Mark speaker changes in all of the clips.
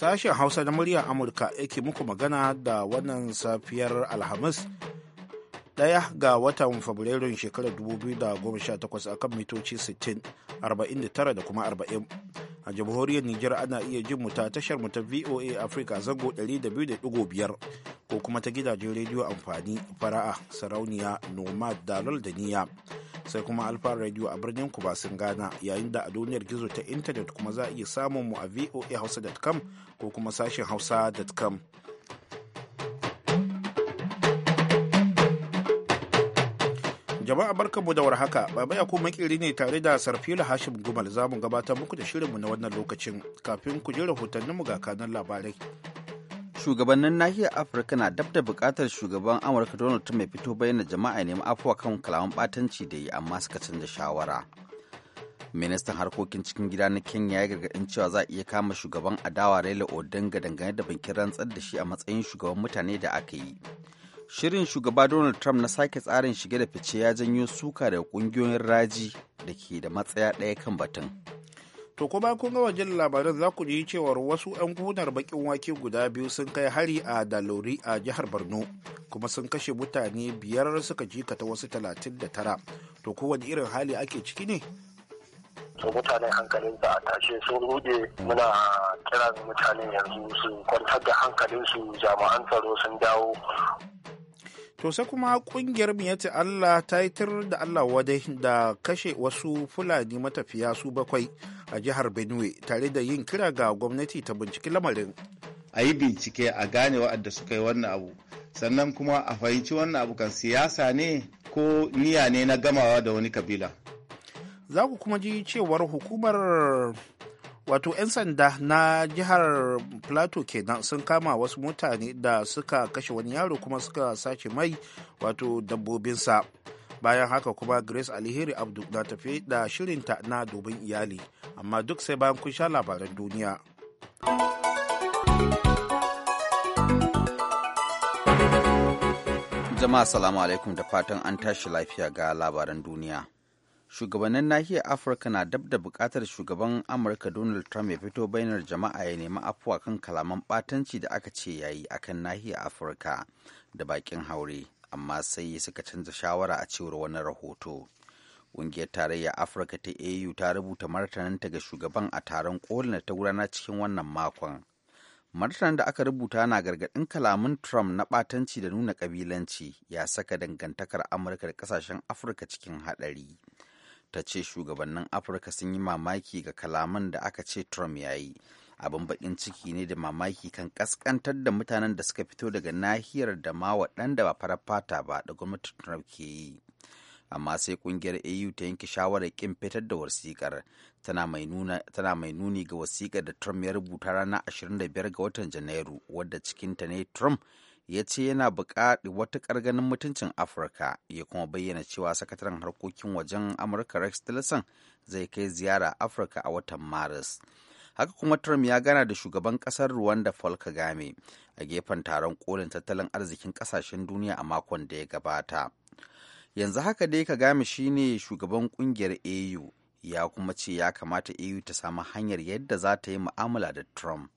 Speaker 1: Sashen Hausa na muryar Amurka yake muku magana da wannan safiyar Alhamis ɗaya ga watan Fabrairun shekarar 2018 akan mitoci 60, 49 da kuma 40. a jamhuriyar Nijar ana iya jin mu ta tashar mu ta VOA Africa zango 200.5 ko kuma ta gidajen rediyo amfani fara'a sarauniya nomad dalol da niya sai kuma alfa radio a birnin ku kubasin gana yayin da a duniyar gizo ta intanet kuma za a iya samun mu a voa hausa.com ko kuma sashen hausa.com Jama'a barkanmu da warhaka, Baba Yakubu makiri ne tare da Sarfila Hashim Gumal za mu gabatar muku da shirinmu na wannan lokacin kafin ku ji rahotanninmu ga kanan labarai.
Speaker 2: Shugabannin nahiyar Afirka na dab da bukatar shugaban Amurka Donald Trump mai fito bayyana jama'a neman afuwa kan kalaman batanci da yi amma suka canza shawara. Ministan harkokin cikin gida na Kenya ya gargaɗin cewa za a iya kama shugaban adawa Raila Odinga dangane da bankin rantsar da shi a matsayin shugaban mutane da aka yi. Shirin shugaba Donald Trump na sake tsarin shige da fice ya janyo suka da kungiyoyin raji da ke da matsaya
Speaker 1: ɗaya kan batun. To kuma kun ga wajen labaran za ku ji cewar wasu 'yan gunar bakin wake guda biyu sun kai hari a Dalori a jihar Borno kuma sun kashe mutane biyar suka jikata wasu 39. To kowane irin hali ake ciki ne?
Speaker 3: to mutane hankalinsa a tashe sun rude muna kiran mutane yanzu su kwantar da hankalinsu jami'an tsaro sun dawo
Speaker 1: to sai kuma kungiyar miyati allah ta yi tir da allah wadai da kashe wasu fulani matafiya su bakwai a jihar benue tare da yin kira ga gwamnati ta binciki lamarin
Speaker 4: a yi bincike a gane wa'adda suka yi wannan abu sannan kuma a fahimci wannan abu kan siyasa ne ko niyya ne na gamawa da wani kabila
Speaker 1: za ku kuma ji cewar hukumar wato 'yan sanda na jihar plateau kenan sun kama wasu mutane da suka kashe wani yaro kuma suka sace mai wato dabbobinsa bayan haka kuma grace alheri abdu na tafi da shirinta na dubin iyali amma duk sai bayan kun sha labaran duniya jama'a salamu
Speaker 2: alaikum da fatan an tashi lafiya ga labaran duniya shugabannin nahiyar afirka na dab da bukatar shugaban amurka donald trump ya fito bayanar jama'a ya nemi afuwa kan kalaman batanci da aka ce ya yi akan nahiyar afirka da bakin haure amma sai suka canza shawara a cewar wani rahoto ƙungiyar tarayyar afirka ta au ta rubuta martaninta ga shugaban a taron kolin ta gudana cikin wannan makon martanin da aka rubuta na gargaɗin kalamin trump na batanci da nuna ƙabilanci ya saka dangantakar amurka da ƙasashen afirka cikin haɗari ta ce shugabannin afirka sun yi mamaki ga kalaman da aka ce trump ya yi abin bakin ciki ne da mamaki kan kaskantar da mutanen da suka fito daga nahiyar da ma waɗanda ba farar fata ba da gwamnatin trump ke yi amma sai kungiyar au ta yanke shawarar kin fitar da wasikar tana mai nuni ga wasikar da trump ya rubuta ranar 25 ga watan janairu wadda cikinta ne trump ya ce yana buƙaɗi wata ganin mutuncin afirka ya kuma bayyana cewa sakataren harkokin wajen amurka rex tillerson zai kai ziyara afirka a watan maris haka kuma trump ya gana da shugaban ƙasar rwanda paul kagame a gefen taron kolin tattalin arzikin ƙasashen duniya a makon da ya gabata yanzu haka dai kagame shine shugaban ƙungiyar au ya kuma ce ya kamata au ta samu hanyar yadda za ta yi mu'amala da trump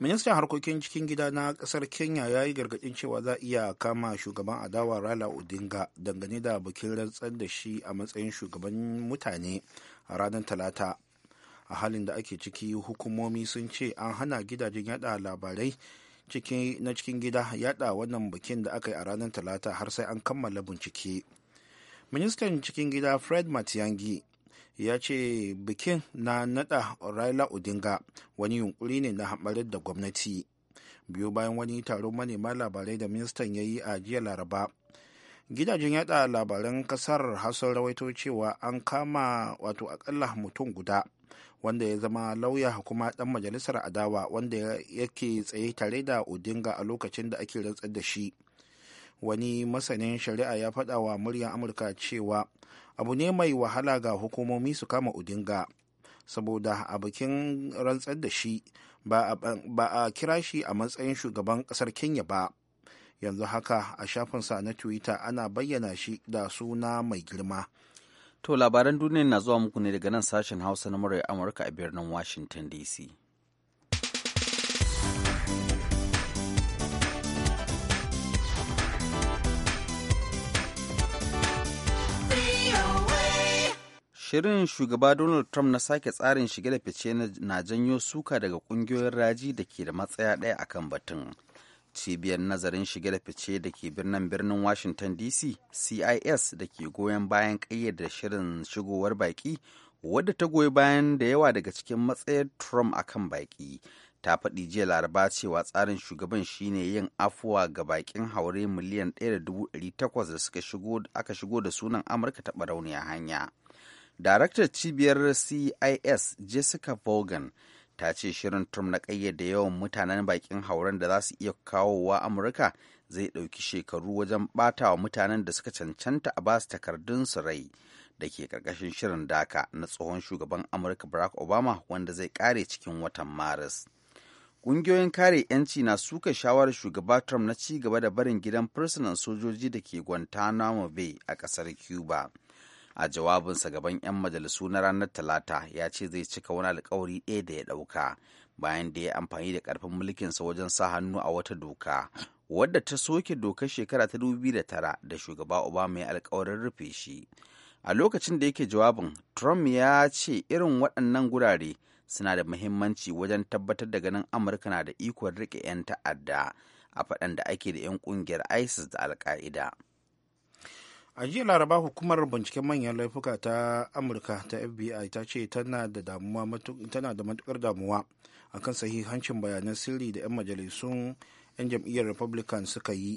Speaker 1: ministan harkokin cikin gida na kasar kenya ya yi gargadin cewa za iya kama shugaban adawa rala odinga dangane da bikin rantsar da shi a matsayin shugaban mutane a ranar talata a halin da ake ciki hukumomi sun ce an hana gidajen yada labarai na cikin gida yada wannan bikin da aka yi a ranar talata har sai an kammala bincike ministan cikin gida fred Matiangi. ya ce bikin na nada raila odinga wani yunkuri ne na haɓarar da gwamnati biyu bayan wani taron manema labarai da ministan ya yi a jiya laraba gidajen yada labaran kasar hassan rawaito cewa an kama wato akalla mutum guda wanda ya zama lauya kuma dan majalisar adawa wanda yake tsaye tare da odinga a lokacin da ake rantsar da shi wani masanin shari'a ya faɗa wa muryar amurka cewa abu ne mai wahala ga hukumomi su kama udinga saboda a bikin rantsar da shi ba a kira shi a matsayin shugaban ƙasar kenya ba yanzu haka a shafinsa na twitter ana bayyana shi da suna mai girma
Speaker 2: to labaran duniya na zuwa muku ne daga nan sashen hausa na muryar amurka a birnin washington dc Shirin shugaba Donald Trump na sake tsarin shige da fice na janyo suka daga kungiyoyin raji da ke da matsaya ɗaya akan batun. Cibiyar nazarin shige da fice da ke birnin birnin Washington DC, CIS da ke goyon bayan ƙayyade shirin shigowar baƙi, wadda ta goyi bayan da yawa daga cikin matsayar Trump akan baƙi. ta faɗi jiya laraba cewa tsarin shugaban shine yin afuwa ga bakin haure miliyan 1.8 da suka aka shigo da sunan amurka ta barauniya hanya Daraktar cibiyar CIS Jessica Vaughan ta ce shirin Trump na ƙayyade yawan mutanen bakin hauren da za su iya kawowa Amurka zai ɗauki shekaru wajen ɓata wa mutanen da suka cancanta a basu takardun su rai da ke ƙarƙashin shirin daka na tsohon shugaban Amurka Barack Obama wanda zai ƙare cikin watan Maris. Ƙungiyoyin kare 'yanci na suka shawarar shugaba Trump na ci gaba da barin gidan fursunan sojoji da ke Guantanamo Bay a ƙasar Cuba. a jawabinsa gaban 'yan majalisu na ranar talata ya ce zai cika wani alkawari ɗaya da ya ɗauka bayan da ya amfani da ƙarfin mulkinsa wajen sa hannu a wata doka wadda ta soke dokar shekara ta 2009 da shugaba obama ya alkawarin rufe shi a lokacin da yake jawabin trump ya ce irin waɗannan gurare suna da muhimmanci wajen tabbatar da ganin amurka na da ikon riƙe 'yan ta'adda a faɗan da ake da 'yan ƙungiyar isis da alka'ida.
Speaker 1: a jiya laraba hukumar binciken manyan laifuka ta amurka ta fbi ta ce tana da matukar damuwa akan sahihancin bayanan sirri da 'yan majalisun 'yan jam'iyyar republican suka yi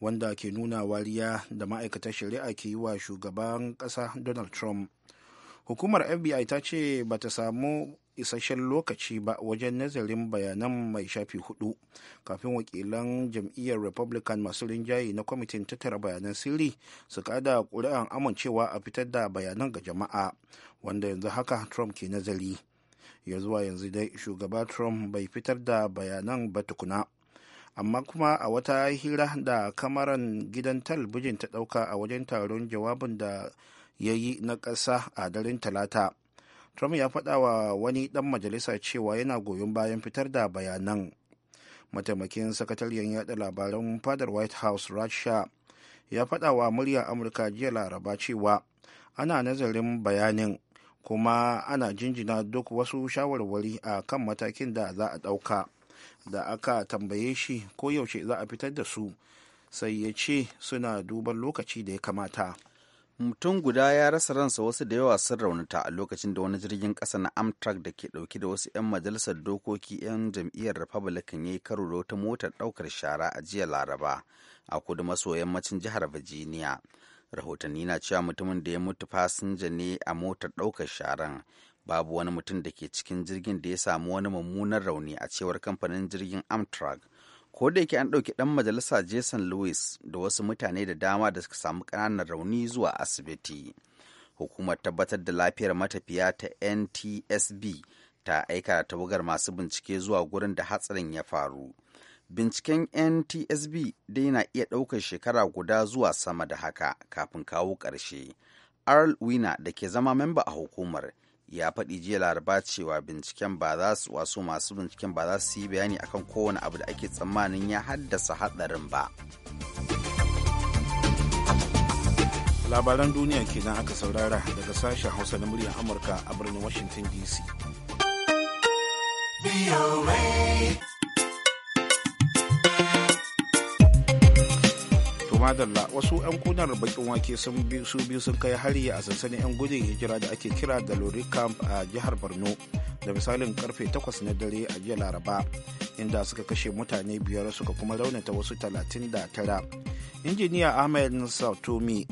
Speaker 1: wanda ke nuna wariya da ma'aikatar shari'a ke yi wa shugaban kasa donald trump hukumar fbi ta ce ba ta samu isasshen lokaci ba wajen nazarin bayanan mai shafi hudu kafin wakilan jam'iyyar republican masu rinjaye na kwamitin tattara bayanan sirri su kada ƙuri'an amincewa a fitar da bayanan ga jama'a wanda yanzu haka trump ke nazari ya zuwa yanzu dai shugaba trump bai fitar da bayanan ba tukuna amma kuma a wata hira da kamaran gidan talabijin ta dauka a wajen taron jawabin da ya yi na ƙasa a daren talata trump ya faɗa wa wani ɗan majalisa cewa yana goyon bayan fitar da bayanan mataimakin sakatariyar yaɗa labaran fadar white house russia ya faɗa wa muryar amurka jiya laraba cewa ana nazarin bayanin kuma ana jinjina duk wasu shawarwari a kan matakin da za a ɗauka da aka tambaye shi ko yaushe za a fitar da su sai ya ce suna duban lokaci da ya kamata mutum guda ya rasa ransa wasu da yawa sun raunata a lokacin da
Speaker 2: wani jirgin ƙasa na amtrak da ke ɗauki da wasu 'yan majalisar dokoki 'yan jam'iyyar republican ya yi karo da wata motar ɗaukar shara a jiya laraba a kudu maso yammacin jihar virginia rahotanni na cewa mutumin da ya mutu fasinja ne a motar ɗaukar sharan babu wani mutum da ke cikin jirgin da ya samu wani mummunan rauni a cewar kamfanin jirgin amtrak ko da yake an ɗauki ɗan majalisa jason lewis da wasu mutane da dama da suka samu ƙananan rauni zuwa asibiti hukumar tabbatar da lafiyar matafiya ta ntsb ta aika da tawagar masu bincike zuwa gurin da hatsarin ya faru binciken ntsb dai na iya ɗaukar shekara guda zuwa sama da haka kafin kawo ƙarshe arl wina da ke zama memba a hukumar ya faɗi jiya laraba cewa binciken ba za su wasu masu binciken ba za su yi bayani akan kowane abu da ake tsammanin ya haddasa hadarin ba
Speaker 1: labaran duniya kenan aka saurara daga sashen hausa na muryar amurka a birnin washington dc madalla wasu 'yan kunar bakin wake sun su biyu sun kai hari a sansanin 'yan gudun hijira da ake kira da lori camp a jihar borno da misalin karfe 8 na dare a jiya laraba inda suka kashe mutane biyar suka kuma raunata wasu 39 injiniya ahmed sautomi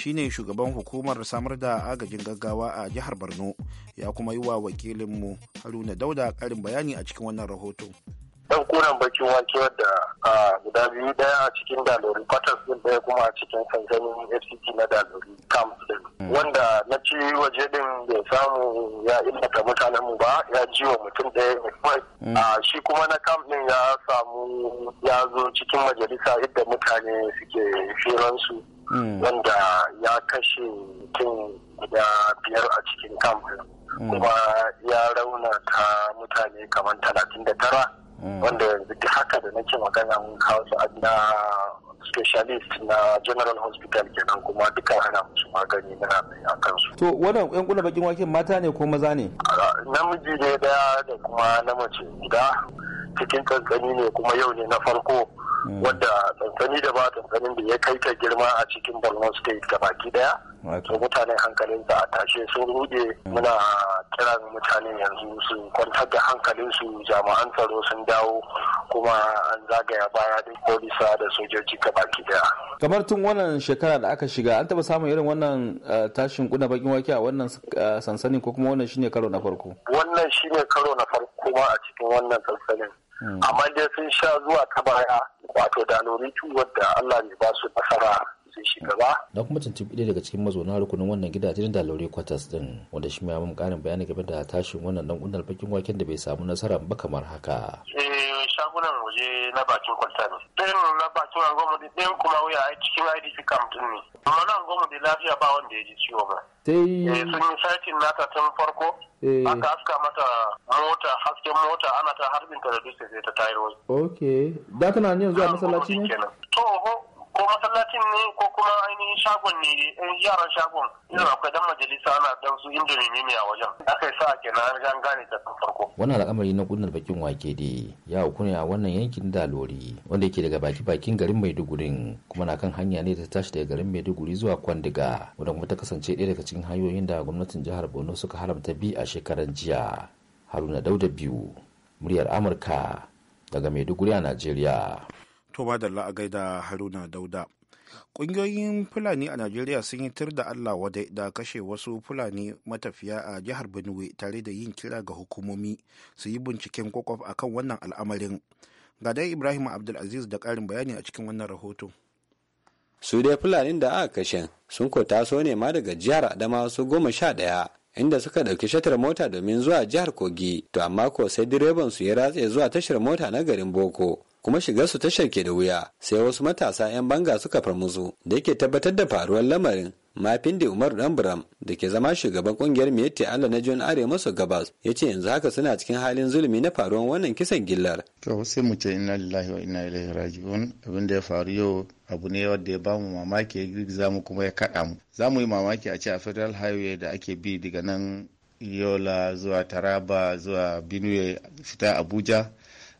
Speaker 1: shine shugaban hukumar samar da agajin gaggawa a jihar borno ya kuma yi wa wakilinmu haruna dauda karin bayani a cikin wannan rahoto.
Speaker 3: kunan bakin wake wadda guda biyu daya a cikin dalori patas din daya kuma a cikin sansanin fct na dalori camp din hmm. wanda na ci waje din bai samu ya illata mutanen mu ba ya ji wa mutum daya mai hmm. shi kuma na camp din ya samu ya zo cikin majalisa inda mutane suke firansu hmm. wanda ya kashe mutum guda biyar a cikin camp kuma ya raunata mutane kamar talatin da tara Mm. wanda yanzu duk haka da nake magana mun kawo su na specialist na general hospital kenan kuma duka ana musu magani na a kansu.
Speaker 5: To wannan yan kula bakin waken mata ne ko maza ne?
Speaker 3: Ah, namiji ne daya da kuma na mace guda cikin kankani ne kuma yau ne na farko Mm. wadda tsantsani da ba tsantsanin da ya kai ta girma a cikin borno state baki daya so mutane hankalinsa a tashe sun rude mm. muna kiran mutane yanzu su kwantar da hankalinsu jama'an tsaro sun dawo kuma an zagaya baya da polisa da sojoji baki daya
Speaker 2: kamar tun wannan shekara da aka shiga an taba samun irin wannan eh, tashin kuna bakin wake a wannan eh, sansanin ko kuma wannan
Speaker 3: shine
Speaker 5: karo na farko
Speaker 3: wannan shine karo na farko ma a cikin wannan sansanin Hmm. amma dai sun sha zuwa ta baya wato da noritu wadda Allah ne ba su nasara sun shiga ba.
Speaker 2: Na kuma tuntuɓi ɗaya daga cikin mazauna rukunin wannan gidajen da laure kwatas din wanda shi ya mun ƙarin bayani game da tashin wannan dan ƙunar bakin waken da bai samu nasara ba kamar haka.
Speaker 3: Eh shagunan waje na bakin kwalta ne. Ɗayan na bakin angoma da ɗayan kuma wuya a cikin IDP camp din ne. Amma na angoma lafiya ba wanda ya ji ciwo ba. Sai. Eh, sun yi satin nata tun farko. Eh. aka aska mata mota hasken mota ana ta harbin ta da dutse sai ta tayar wai
Speaker 6: ok da tana yanzu a masallaci ne
Speaker 3: to ko masallacin ne ko kuma ainihin shagon ne eh, yaran shagon irin mm. akwai dan majalisa ana dan su inda ne a wajen aka yi sa kenan har an gane da
Speaker 2: farko wannan al'amari na gudunar bakin wake ne ya hukune a wannan yankin dalori wanda yake daga baki bakin garin maiduguri kuma na kan hanya ne ta tashi daga garin maiduguri zuwa kwandiga wadda kuma ta kasance ɗaya daga cikin hanyoyin da gwamnatin jihar borno suka haramta bi a shekaran jiya haruna dauda biyu muryar amurka daga maiduguri a najeriya
Speaker 1: to da la'agai da haruna dauda ƙungiyoyin fulani a najeriya sun yi tir da allah wadai da kashe wasu fulani matafiya a jihar benue tare da yin kira ga hukumomi su yi binciken kwakwaf kan wannan al'amarin ga dai ibrahim abdulaziz da ƙarin bayani a cikin wannan rahoto
Speaker 5: su dai fulani da aka kashe sun ko taso ne ma daga jihar adama su goma sha ɗaya inda suka ɗauki shatar mota domin zuwa jihar kogi to amma ko sai direban su ya ratse zuwa tashar mota na garin boko kuma shigar su tashar ke da wuya sai wasu matasa 'yan banga suka farmuzu da yake tabbatar da faruwar lamarin mafin da dan buram da ke zama shugaban kungiyar miyatti allah na john arewa maso gabas ya ce yanzu haka suna cikin halin zulumi na faruwan wannan kisan gillar
Speaker 4: to sai mu ce inna lillahi wa inna ilaihi raji'un abin da ya faru yau abu ne wanda ya bamu mamaki ya girgiza mu kuma ya kaɗa mu za mu yi mamaki a ce a federal highway da ake bi daga nan yola zuwa taraba zuwa benue fita abuja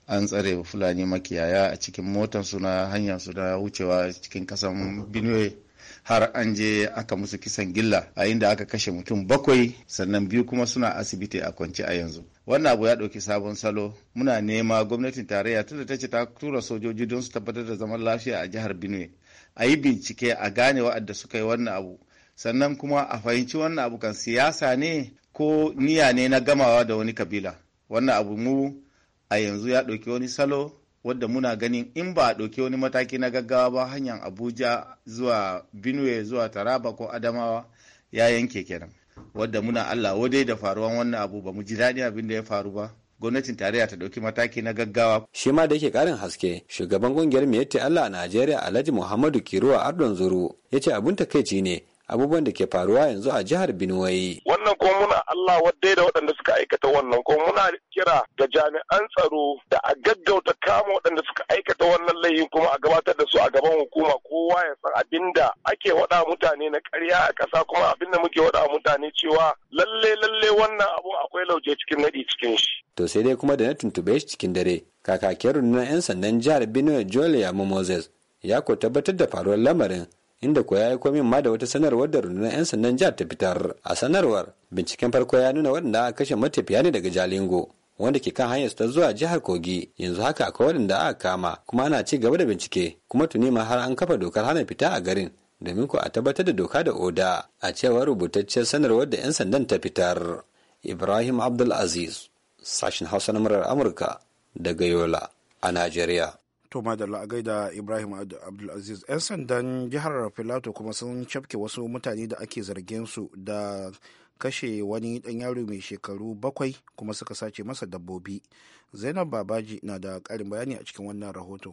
Speaker 4: an tsare fulani makiyaya a cikin motan suna hanyar su da wucewa cikin kasan benue har an je aka musu kisan gilla a inda aka kashe mutum bakwai sannan biyu kuma suna asibiti a kwance a yanzu wannan abu ya ɗauki sabon salo muna nema gwamnatin tarayya tunda ta ce ta tura sojoji don su tabbatar da zaman lafiya a jihar benue a yi bincike a gane wa'adda suka yi wannan abu sannan kuma a fahimci wannan abu kan siyasa ne ko niya ne na gamawa da wani kabila wannan abu mu a yanzu ya ɗauki wani salo wadda muna ganin in ba a ɗauki wani mataki na gaggawa ba hanyar abuja zuwa benue zuwa taraba ko adamawa ya yanke kenan wadda muna allah wadai da faruwan
Speaker 5: wannan abu ba mu ji daɗin abin da ya faru ba gwamnatin tarayya ta ɗauki mataki na gaggawa. Shi ma da yake karin haske, shugaban kungiyar Miyetti Allah a Najeriya Alhaji Muhammadu Kiruwa Ardon Zuru ya ce abin takaici ne abubuwan da ke faruwa yanzu a jihar Binuwai. Wannan ko muna Allah wadda
Speaker 3: da waɗanda suka aikata wannan ko muna kira ga jami'an tsaro da a gaggauta kama waɗanda suka aikata wannan laifin kuma a gabatar da su a gaban hukuma kowa ya san abinda ake waɗa mutane na karya a ƙasa kuma abinda muke waɗa mutane cewa lalle lalle wannan abu akwai lauje cikin naɗi cikin shi.
Speaker 5: To sai dai kuma da na tuntube shi cikin dare kakakin rundunar 'yan sandan jihar Benue ya Yamu Moses ya ko tabbatar da faruwar lamarin inda ko ya yi komin ma da wata sanarwar da rundunar 'yan sandan jihar ta fitar a sanarwar binciken farko ya nuna waɗanda aka kashe matafiya ne daga jalingo wanda ke kan hanyar su ta zuwa jihar kogi yanzu haka akwai waɗanda aka kama kuma ana ci gaba da bincike kuma tuni ma har an kafa dokar hana fita a garin domin ko a tabbatar da doka da oda a cewar rubutaccen sanarwar da 'yan sandan ta fitar ibrahim abdulaziz sashen hausa na murar amurka daga yola a najeriya
Speaker 1: to madalla gaida ibrahim abdulaziz 'yan sandan jihar filato kuma sun cafke wasu mutane da ake zargin su da kashe wani dan yaro mai shekaru bakwai kuma suka sace masa dabbobi zainab babaji na da karin bayani a cikin wannan rahoto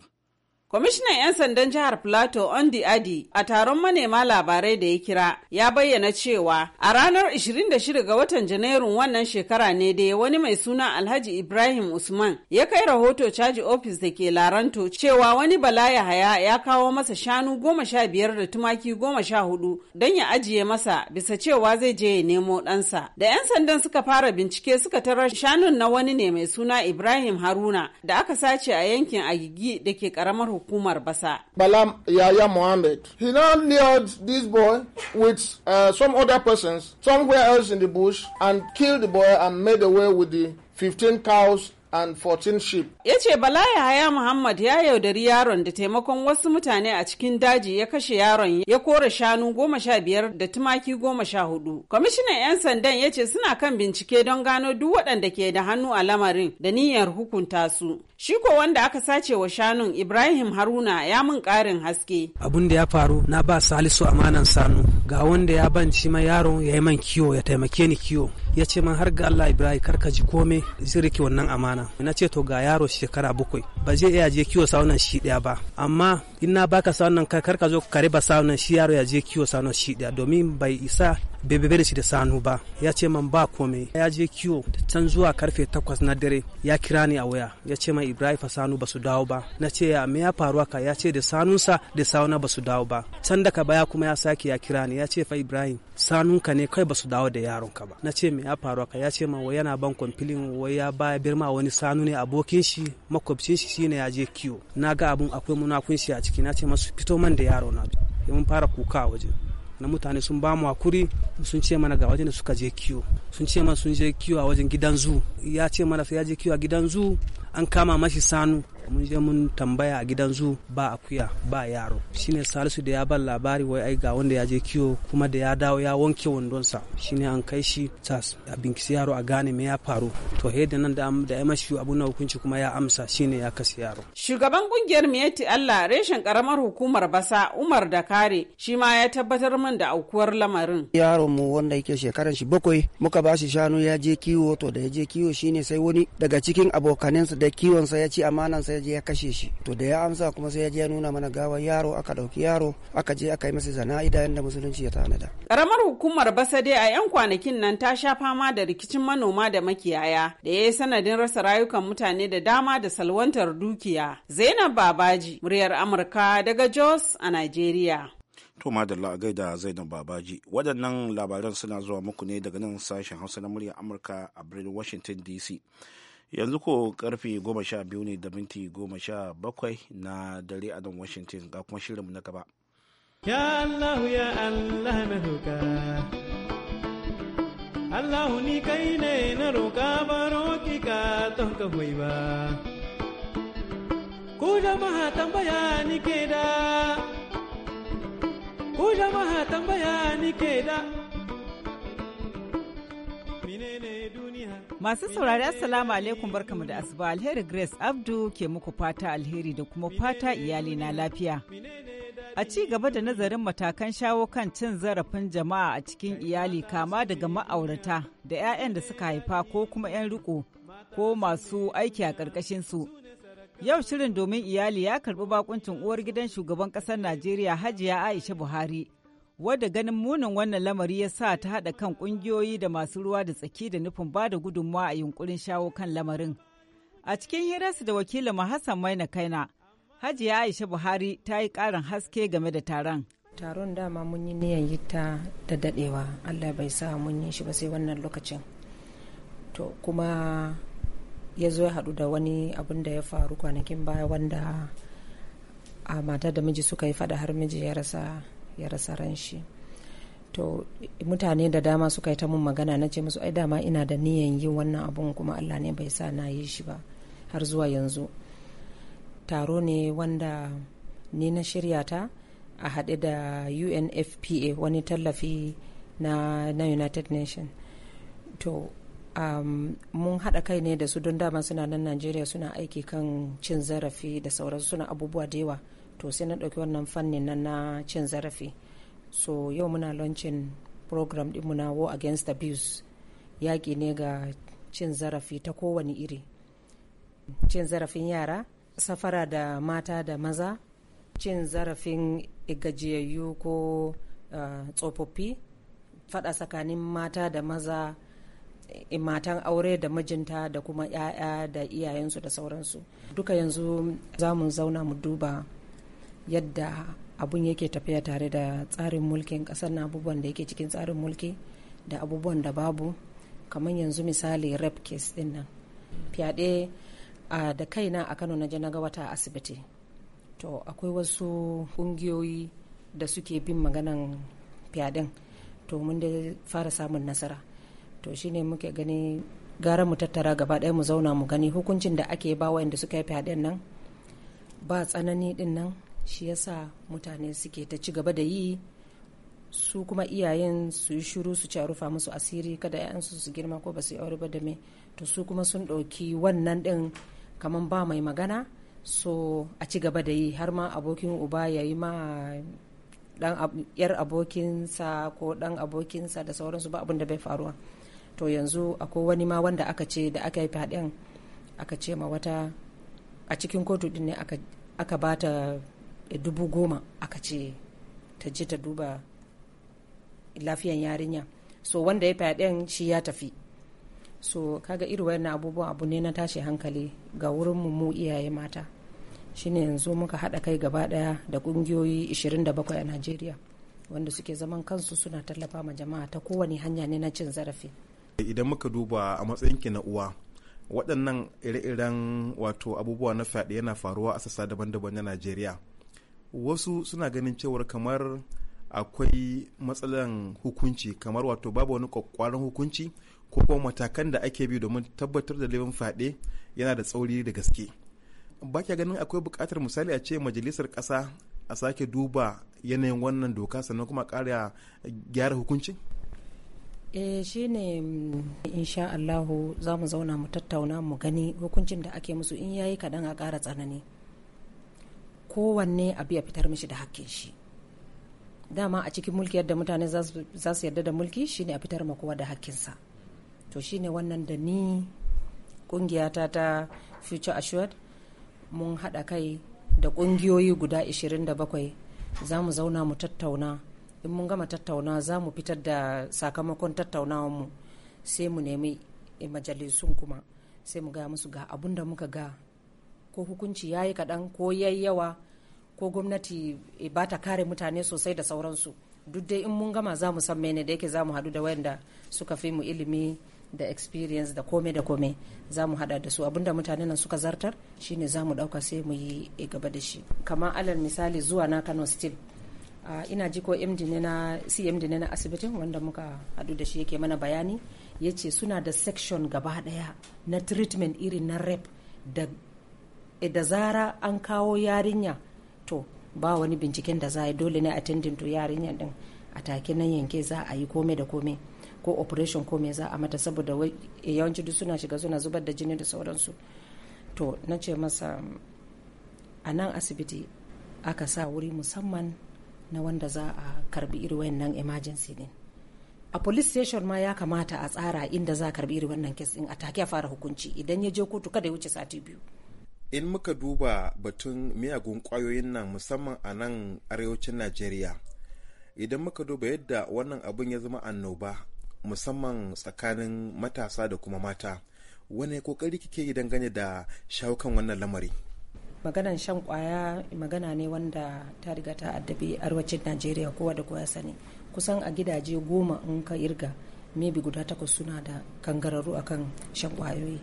Speaker 7: Kwamishinan 'yan sandan jihar Plateau Ondi Adi a taron manema labarai da ya kira ya bayyana cewa a ranar 26 ga watan Janairun wannan shekara ne da wani mai suna Alhaji Ibrahim Usman ya kai rahoto caji ofis da ke Laranto cewa wani bala yahaya haya ya kawo masa shanu goma sha biyar da tumaki goma sha hudu don ya ajiye masa bisa cewa zai je ya nemo ɗansa. Da 'yan sandan suka fara bincike suka tarar shanun na wani ne mai suna Ibrahim Haruna da aka sace a yankin Agigi da ke ƙaramar hukumar hukumar basa.
Speaker 6: Balam Yaya Mohammed. He now lured this boy with uh, some other persons somewhere else in the bush and killed the boy and made away with the 15 cows and 14 sheep.
Speaker 7: Ya ce Bala Yahaya Muhammad ya yaudari yaron da taimakon wasu mutane a cikin daji ya kashe yaron ya kora shanu goma sha biyar da tumaki goma sha hudu. Kwamishinan 'yan sandan ya ce suna kan bincike don gano duk waɗanda ke da hannu a lamarin da niyyar hukunta su. Shi ko wanda aka sace wa shanun Ibrahim Haruna ya mun ƙarin haske.
Speaker 8: Abun da ya faru na ba Salisu amanan sanu ga wanda ya banci ma yaron ya yi man kiwo ya taimake ni kiwo ya ce man har ga Allah Ibrahim kar ka ji kome zirki wannan amana. na ce to ga yaro shekara bakwai ba zai iya je kiwo saunan shi ɗaya ba amma in na baka saunan kar ka zo ka riba saunan shi yaro ya je kiwo saunan shi ɗaya domin bai isa bai bebe da shi da sanu ba ya ce man ba komai ya je kiwo can zuwa karfe takwas na dare ya kira ni a waya ya ce man ibrahim fa sanu ba su dawo ba na ce ya me ya faru haka ya ce da sanunsa da sauna ba su dawo ba can daga baya kuma ya sake ya kira ni ya ce fa ibrahim sanunka ne kai ba su dawo da yaronka ba na ce me ya faru haka ya ce man wai yana ban kwamfilin wai ya baya birma wani sanu ne abokin shi makwabcin shi shine ya je kiwo na ga abun akwai munakun shi a ciki na ce masu fito man da yaro na mun fara kuka a wajen na mutane sun ba mu hakuri sun ce mana ga wajen da suka je kiwo sun ce mana sun je kiwo a wajen gidan zu ya ce mana sai ya je kiwo a gidan zu an kama mashi sanu mun je mun tambaya a gidan zu ba akuya ba yaro shine salisu da ya ban labari wai ai ga wanda ya je kiwo kuma da ya dawo ya wanke wandonsa shine an kai shi tas a binkisi yaro a gane me ya faru to he da nan da ya mashi abu na hukunci kuma ya amsa shine ya kasi yaro
Speaker 7: shugaban kungiyar miyatti Allah reshen karamar hukumar basa Umar da kare shi ma ya tabbatar min da aukuwar lamarin
Speaker 8: yaron mu wanda yake shekaran shi bakwai muka ba shi shanu ya je kiwo to da ya je kiwo shine sai wani daga cikin abokanensa da kiwon sa ya ci amanansa sai ya je ya kashe shi to da ya amsa kuma sai ya je ya nuna mana gawar yaro aka ɗauki yaro aka je aka yi masa zana'ida yadda musulunci ya tanada
Speaker 7: karamar hukumar basade a yan kwanakin nan ta sha fama da rikicin manoma da makiyaya da ya yi sanadin rasa rayukan mutane da dama da salwantar dukiya zainab babaji muryar amurka daga jos a nigeria
Speaker 1: to madalla a gaida zainab babaji waɗannan labaran suna zuwa muku ne daga nan sashen hausa na muryar amurka a birnin washington dc yanzu ko karfe goma sha biyu ne da minti goma sha bakwai na dare a nan washington ga kuma shirinmu na gaba ya allah
Speaker 8: ya allah na roka allah ni kai ne na roka baro ki ka ton ka hoyi ba ku jama'a tambaya ni ke da ku
Speaker 9: jama'a tambaya ni ke da Masu saurari Assalamu alaikum barkamu da asuba alheri Grace Abdu ke muku fata alheri da kuma fata iyali na lafiya. A ci gaba da nazarin matakan shawo kan cin zarafin jama'a a cikin iyali kama daga ma'aurata da 'ya'yan da suka haifa ko kuma 'yan riko ko masu aiki a ƙarƙashin su. Yau shirin domin iyali ya karɓi bakuncin uwar gidan shugaban ƙasar Najeriya Hajiya Aisha Buhari wadda ganin munin wannan lamari ya sa ta haɗa kan ƙungiyoyi da masu ruwa da tsaki da nufin ba da gudunmawa a yunkurin shawo kan lamarin. A cikin hirarsu da wakilin Hassan Maina Kaina, Hajiya Aisha Buhari ta yi ƙarin haske game da taron.
Speaker 10: Taron dama mun yi niyan yi ta da daɗewa, Allah bai sa mun yi shi ba sai wannan lokacin. To kuma ya zo ya haɗu da wani abin da ya faru kwanakin baya wanda a mata da miji suka yi faɗa har miji ya rasa ya rasa ran shi to mutane da dama suka yi ta mun magana na ce musu ai dama ina da niyan yin wannan abun kuma allah ne bai sa na yi shi ba har zuwa yanzu taro ne wanda ni na shirya ta a haɗe da unfpa wani tallafi na, na united Nation to um, mun haɗa kai ne da su don dama suna nan najeriya suna aiki kan cin zarafi da sauransu suna abubuwa da yawa to sai na ɗauki wannan fannin nan na cin zarafi so yau muna launching program ɗinmu na war against abuse yaƙi ne ga cin zarafi ta kowane iri cin zarafin yara safara da mata da maza cin zarafin gajiyayyu ko eh, tsofaffi fada tsakanin mata da maza eh, matan aure da mijinta da kuma 'ya'ya da iyayensu da sauransu duka yanzu za mu zauna mu duba yadda abun yake tafiya tare da tsarin mulkin kasar na abubuwan da yake cikin tsarin mulki da abubuwan da babu kamar yanzu misali rep case din nan fyaɗe da kaina a kano na je na ga wata asibiti to akwai wasu ƙungiyoyi da suke bin maganan fyaɗen to mun da fara samun nasara to shine muke gani gara mu tattara gaba ɗaya mu zauna mu gani hukuncin da ake ba wa'anda suka yi fyaɗen nan ba tsanani din nan shi yasa mutane suke ta ci gaba da yi su kuma iyayen su yi shiru su ci a rufa musu asiri kada 'ya'yansu su girma ko ba su yi aure ba da me to su kuma sun ɗauki wannan ɗin kamar ba mai magana so a ci gaba da yi har ma abokin uba ya yi ma dan yar abokinsa ko dan abokinsa da sauransu ba abin da bai faruwa to yanzu akwai wani ma wanda aka ce da aka yi fadin aka ce ma wata a cikin kotu ɗin ne aka bata Eh, dubu goma aka ce ta je ta duba lafiyan yarinya so wanda ya fyaɗen shi ya tafi so kaga irin wannan abubuwan abu ne na tashi hankali ga wurin mu iyaye mata shine yanzu muka haɗa kai gaba ɗaya da ƙungiyoyi 27 a najeriya wanda suke zaman kansu suna tallafa ma jama'a ta kowane hanya ne na cin zarafi
Speaker 6: idan muka duba a matsayinki na uwa waɗannan ire-iren wato abubuwa na fyaɗe yana faruwa a sassa daban-daban na najeriya wasu suna ganin cewar kamar akwai matsalan hukunci kamar wato babu wani kwakwaran hukunci ko kuma matakan da ake bi domin tabbatar da laifin fade yana da tsauri da gaske ba ganin akwai bukatar misali a ce majalisar ƙasa a sake duba yanayin wannan doka sannan kuma ƙara gyara hukunci.
Speaker 10: eh shi ne mm, insha Allahu za mu zauna mu tattauna mu gani hukuncin da ake musu in yayi kaɗan a ƙara tsanani kowanne abu ya fitar mishi da hakkin shi dama a cikin mulki yadda mutane za su yarda da mulki shine a fitar ma kowa da hakkinsa to shine wannan da ni kungiyata ta future assured mun haɗa kai da ƙungiyoyi guda 27 za mu zauna mu tattauna in mun gama tattauna za mu fitar da sakamakon mu sai mu nemi majalisun kuma sai mu gaya musu ga abun da muka ga ko hukunci ya yi kaɗan ko ya yi yawa ko gwamnati eh, ba ta kare mutane sosai da sauransu duk dai in mun gama za mu san mene da yake za mu haɗu da wayanda suka fi mu ilimi da experience da kome da kome za mu haɗa da su abinda mutane nan suka zartar shine za mu ɗauka sai mu yi e, gaba da shi kamar alal misali zuwa na kano steel uh, ina ji ko md na cmd ne na asibitin wanda muka haɗu da shi yake mana bayani ya ce suna da section gaba daya na treatment irin na rep da Eh, da zara an kawo yarinya to ba wani binciken da za a yi dole ne a tindinto yarinyar din a take nan yanke za a yi kome da kome ko operation kome za a mata saboda eh, yawanci duk suna shiga suna zubar da jini da sauransu to na ce masa a nan asibiti aka sa wuri musamman na wanda za a karbi irin wannan emergency din a police station ma ya kamata a tsara inda za a karbi irin wannan kes din a take a fara hukunci idan ya je kotu kada ya wuce sati biyu
Speaker 6: in muka duba batun miyagun kwayoyin nan musamman a nan arewacin najeriya idan muka duba yadda wannan abin ya zama annoba musamman tsakanin matasa da kuma mata wani kokari kike yi dangane da shawukan wannan lamari
Speaker 10: maganan shan kwaya magana ne wanda ta riga ta addabi arewacin najeriya kowa da kowa sani kusan a gidaje goma in ka irga mebi guda takwas suna da kangararru akan shan kwayoyi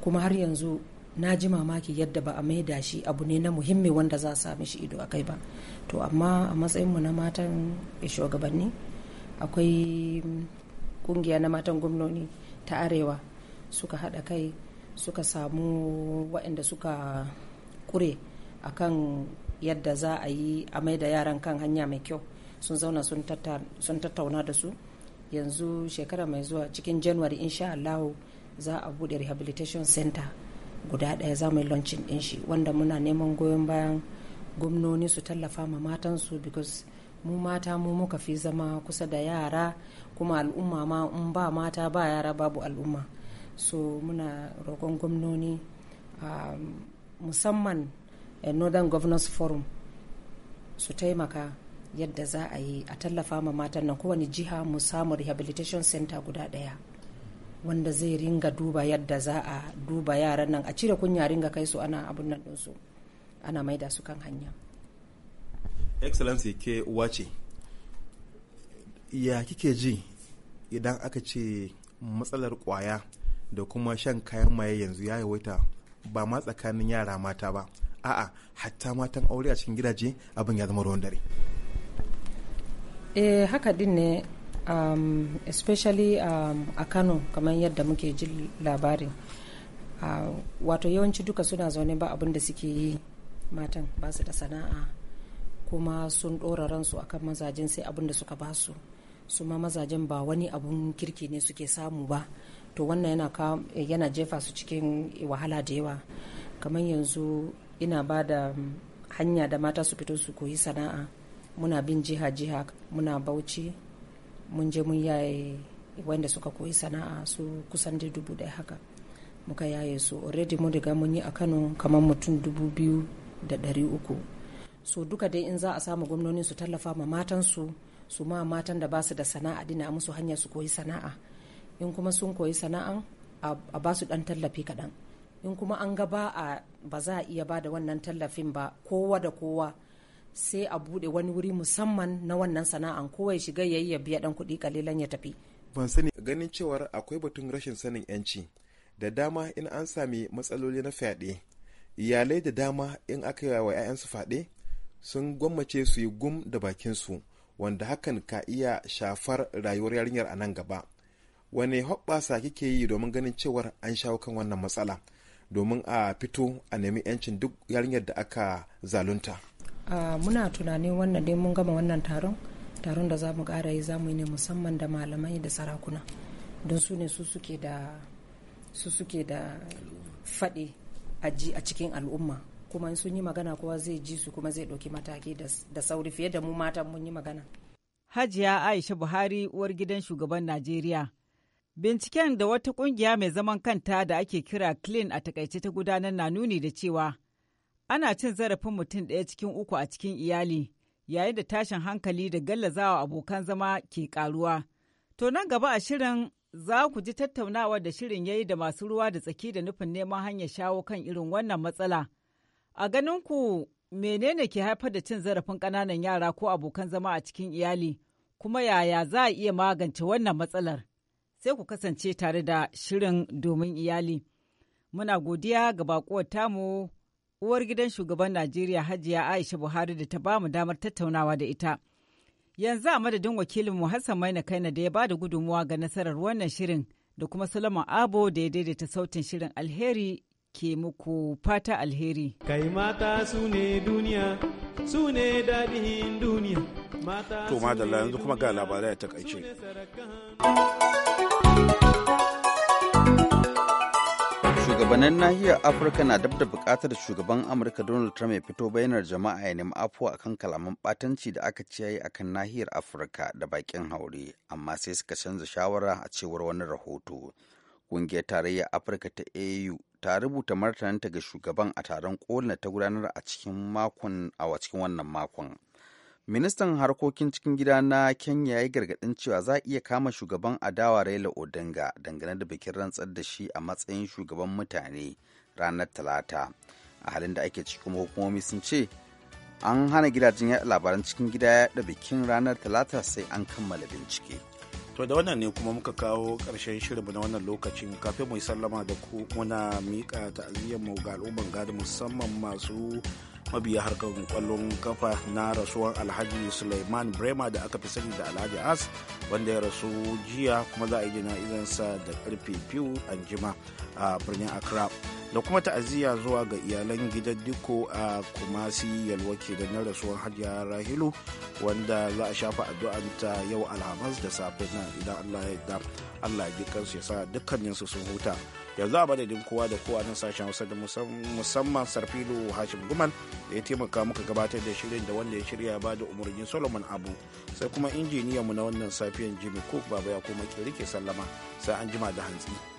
Speaker 10: kuma har yanzu na ji mamaki yadda ba a maida shi abu ne na muhimmi wanda za a sami shi ido a kai ba to amma a matsayinmu na matan shugabanni akwai kungiya na matan gwamnoni ta arewa suka haɗa kai suka samu waɗanda suka kure a kan yadda za a yi a maida yaran kan hanya mai kyau sun zauna sun tattauna da su yanzu shekara mai zuwa cikin january insha allahu za a buɗe rehabilitation center guda ɗaya za mu yi launching ɗin shi wanda muna neman goyon bayan gwamnoni su tallafa ma matansu because mu mata mu muka fi zama kusa da yara kuma al'umma ma in ba mata ba yara babu al'umma so muna roƙon gwamnoni um, musamman eh, northern governors forum su taimaka yadda za a yi a tallafa ma matan nan kowane jiha mu samu rehabilitation center guda ɗaya wanda zai ringa duba yadda za a duba yaran nan a cire kunya ringa kai su ana abun nan ɗinsu ana maida su kan hanya
Speaker 6: excellency ke uwa ce ya kike ji idan aka ce matsalar kwaya da kuma shan kayan maye yanzu ya yawaita ba ma tsakanin yara mata ba a'a hatta matan aure a cikin gidaje abin ya zama ruwan dare
Speaker 10: eh haka din ne um, especially um, a kano kamar yadda muke jin labarin uh, wato yawanci duka suna zaune ba abin da suke yi matan ba su da sana'a kuma sun ɗora ransu akan mazajen sai abin da suka ba su su ma mazajen ba wani abun kirki ne suke samu ba to wannan yana, yana jefa su cikin wahala da yawa kamar yanzu ina ba da um, hanya da mata su fito su koyi sana'a muna bin jiha-jiha muna bauchi mun je mun yaye wanda suka koyi sana'a su kusan da dubu daya haka muka yaye su already mun riga mun yi a kano kamar mutum dubu biyu da ɗari uku so duka dai in za a samu gwamnoni su tallafa ma matansu su ma matan da ba su da sana'a dina musu hanya su koyi sana'a in kuma sun koyi sana'a a ba su dan tallafi kaɗan in kuma an ga ba a ba za a iya ba da wannan tallafin ba kowa da kowa sai a bude wani wuri musamman na wannan sana'an kowai shiga yayi ya biya dan kuɗi kalilan ya tafi
Speaker 6: ban sani ganin cewar akwai batun rashin sanin yanci da dama in an sami matsaloli na fyaɗe iyalai da dama in aka yi wa 'ya'yansu fyaɗe sun gwammace su yi gum da bakinsu wanda hakan ka iya shafar rayuwar yarinyar a nan gaba wane hoɓɓasa kike yi domin ganin cewar an shawo kan wannan matsala domin a fito a nemi 'yancin duk yarinyar da aka zalunta
Speaker 10: Ah, muna tunanin wannan dai mun gama wannan taron taron da za mu ƙara yi za mu yi ne musamman da malamai da sarakuna don su ne su suke da su suke da faɗi a cikin al'umma kuma in sun yi magana kowa zai ji su kuma zai ɗauki mataki da sauri fiye da mu matan mun yi magana.
Speaker 9: Hajiya Aisha Buhari uwar gidan shugaban Najeriya. Binciken da wata ƙungiya mai zaman kanta da ake kira Clean a takaice ta gudanar na nuni da cewa ana cin zarafin mutum ɗaya cikin uku a cikin iyali yayin da tashin hankali da gallazawa abokan zama ke karuwa. To nan gaba a shirin za ku ji tattaunawa da shirin yayi da masu ruwa da tsaki da nufin neman hanyar shawo kan irin wannan matsala. A ganin ku menene ke haifar da cin zarafin ƙananan yara ko abokan zama a cikin iyali kuma yaya za a iya magance wannan matsalar? Sai ku kasance tare da shirin domin iyali. Muna godiya ga baƙuwar tamu uwar gidan shugaban Najeriya Hajiya Aisha Buhari da ta bamu damar tattaunawa da ita. Yanzu a madadin mu Hassan Maina Kaina da ya ba da gudunmuwa ga nasarar wannan shirin da kuma Sulaiman Abo da ya daidaita sautin shirin alheri ke muku fata alheri. Kai mata su ne duniya, su ne daɗin duniya.
Speaker 1: To madalla yanzu kuma ga labarai ta kaice.
Speaker 3: shugabannin nahiyar
Speaker 2: afirka na dab da bukatar shugaban amurka donald trump ya fito bayanar jama'a ya nemi afuwa kan kalaman batanci da aka ciyayi akan nahiyar afirka da bakin haure amma sai suka canza shawara a cewar wani rahoto ƙungiyar tarayyar afirka ta au ta rubuta martaninta ga shugaban a taron kolin ta gudanar a cikin a cikin wannan makon ministan harkokin cikin gida na kenya ya yi gargadin cewa za a iya kama shugaban adawa raila odinga dangane da bikin rantsar da shi a matsayin shugaban mutane ranar talata a halin da ake cikin hukumomi sun ce an hana gidajen yaɗa labaran cikin gida yaɗa bikin ranar talata sai an kammala bincike
Speaker 1: to da wannan ne kuma muka kawo ƙarshen shirinmu na wannan lokacin kafin mu yi sallama da ku muna miƙa ta'aziyyar mu ga al'umman gadi musamman masu mabiya harkar kwallon kafa na rasuwar alhaji suleiman brema da aka fi sani da alhaji as wanda ya rasu jiya kuma za a yi jana'izansa da karfe biyu anjima a birnin accra da kuma ta'aziyya zuwa ga iyalan gidan diko a kumasi yalwa da na rasuwar hajiya rahilu wanda za a shafa ta yau alhamis da safe na idan allah ya yarda allah ya ji kansu ya sa dukkaninsu sun huta yanzu a madadin kowa da kowa nan sashen hausa da musamman sarfilo hashim guman da ya taimaka muka gabatar da shirin da wanda ya shirya ba da umarnin solomon abu sai kuma injiniyanmu na wannan safiyan jimmy cook baba ya koma ke sallama sai an jima da hantsi.